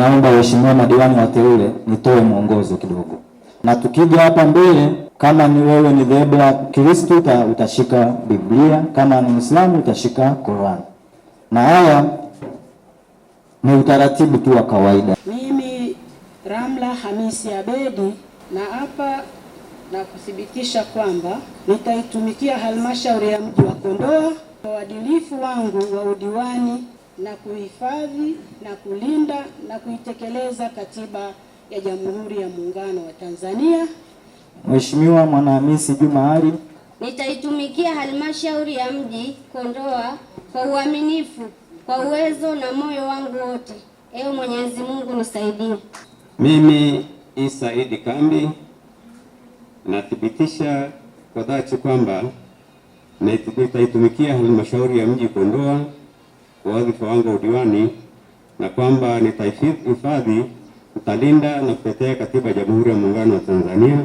Naomba waheshimiwa madiwani wateule, nitoe mwongozo kidogo, na tukija hapa mbele, kama ni wewe ni dhehebu la Kristo utashika Biblia, kama ni Muislamu utashika Qur'an, na haya ni utaratibu tu wa kawaida. Mimi Ramla Hamisi Abedi na hapa na kuthibitisha kwamba nitaitumikia halmashauri ya mji wa Kondoa kwa uadilifu wangu wa udiwani na kuhifadhi na kulinda na kuitekeleza katiba ya Jamhuri ya Muungano wa Tanzania. Mheshimiwa Mwanahamisi Juma Ali: nitaitumikia halmashauri ya mji Kondoa kwa uaminifu, kwa uwezo na moyo wangu wote. Ewe Mwenyezi Mungu nisaidie. Mimi Isa Idi Kambi nathibitisha kwa dhati kwamba nitaitumikia halmashauri ya mji Kondoa wadhifa wangu wa udiwani na kwamba nitahifadhi, nitalinda na kutetea katiba ya Jamhuri ya Muungano wa Tanzania,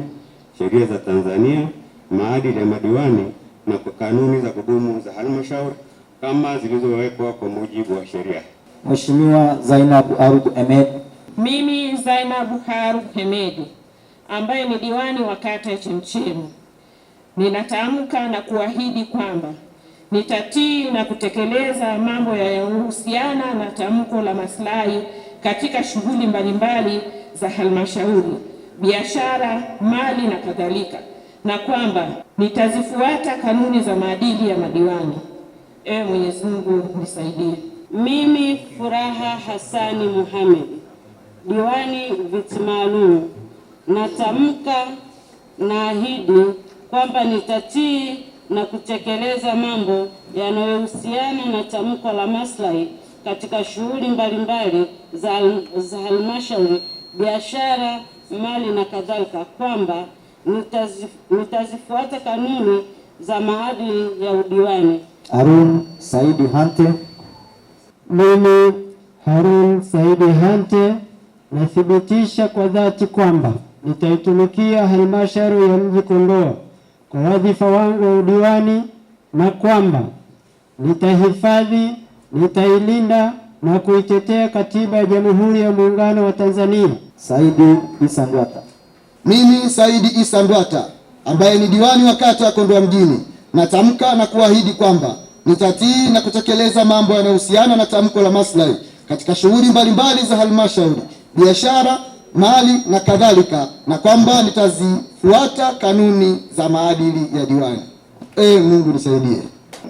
sheria za Tanzania, maadili ya madiwani na kanuni za kudumu za halmashauri kama zilizowekwa kwa mujibu wa sheria. Mheshimiwa Zainabu Arub Ahmed. Mimi Zainabu Harub Hemedi ambaye ni diwani wa kata ya Chemchemu ninatamka na kuahidi kwamba nitatii na kutekeleza mambo yanayohusiana na tamko la maslahi katika shughuli mbalimbali za halmashauri, biashara, mali na kadhalika, na kwamba nitazifuata kanuni za maadili ya madiwani. Ewe Mwenyezi Mungu nisaidie. Mimi Furaha hasani Mohamed, diwani viti maalum, natamka na ahidi kwamba nitatii na kutekeleza mambo yanayohusiana na tamko la maslahi katika shughuli mbalimbali za, halmashauri, biashara, mali na kadhalika, kwamba nitazifuata kanuni za maadili ya udiwani. Harun Saidi Hante. Mimi Harun Saidi Hante nathibitisha kwa dhati kwamba nitaitumikia halmashauri ya mji Kondoa wadhifa wangu wa udiwani na kwamba nitahifadhi, nitailinda na kuitetea katiba ya Jamhuri ya Muungano wa Tanzania. Saidi Isa Ndwata. Mimi Saidi Isa Ndwata ambaye ni diwani wa kata ya Kondoa mjini natamka na kuahidi kwamba nitatii na kutekeleza mambo yanayohusiana na tamko la maslahi katika shughuli mbalimbali za halmashauri, biashara mali na kadhalika, na kwamba nitazifuata kanuni za maadili ya diwani. E, Mungu nisaidie.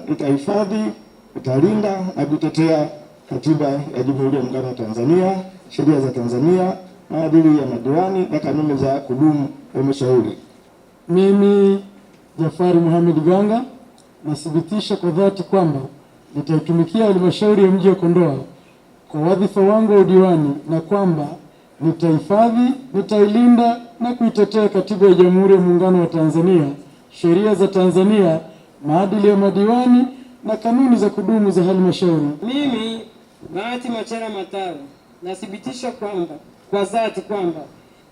nitahifadhi nitalinda na kutetea katiba ya Jamhuri ya Muungano wa Tanzania, sheria za Tanzania, maadili ya madiwani na kanuni za kudumu halmashauri. Mimi Jafari Muhammad Ganga nathibitisha kwa dhati kwamba nitaitumikia halmashauri ya mji wa Kondoa kwa wadhifa wangu wa udiwani na kwamba nitahifadhi, nitailinda na kuitetea Katiba ya Jamhuri ya Muungano wa Tanzania, sheria za Tanzania, maadili ya madiwani na kanuni za kudumu za halmashauri. Mimi Bahati Machara Matayo nathibitisha kwamba kwa dhati kwamba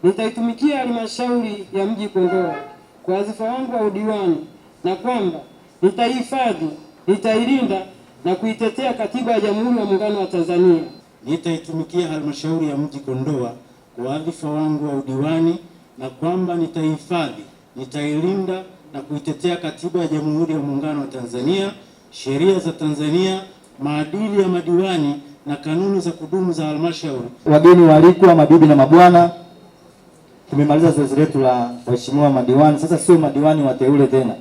nitaitumikia halmashauri ya mji Kondoa kwa wadhifa wangu wa udiwani na kwamba nitaihifadhi, nitailinda na kuitetea Katiba ya Jamhuri ya Muungano wa Tanzania nitaitumikia halmashauri ya mji Kondoa kwa wadhifa wangu wa udiwani na kwamba nitaihifadhi, nitailinda na kuitetea katiba ya Jamhuri ya Muungano wa Tanzania, sheria za Tanzania, maadili ya madiwani na kanuni za kudumu za halmashauri. Wageni waalikwa, mabibi na mabwana, tumemaliza zoezi letu la waheshimiwa madiwani. Sasa sio madiwani wateule tena,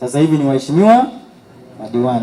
sasa hivi ni waheshimiwa madiwani.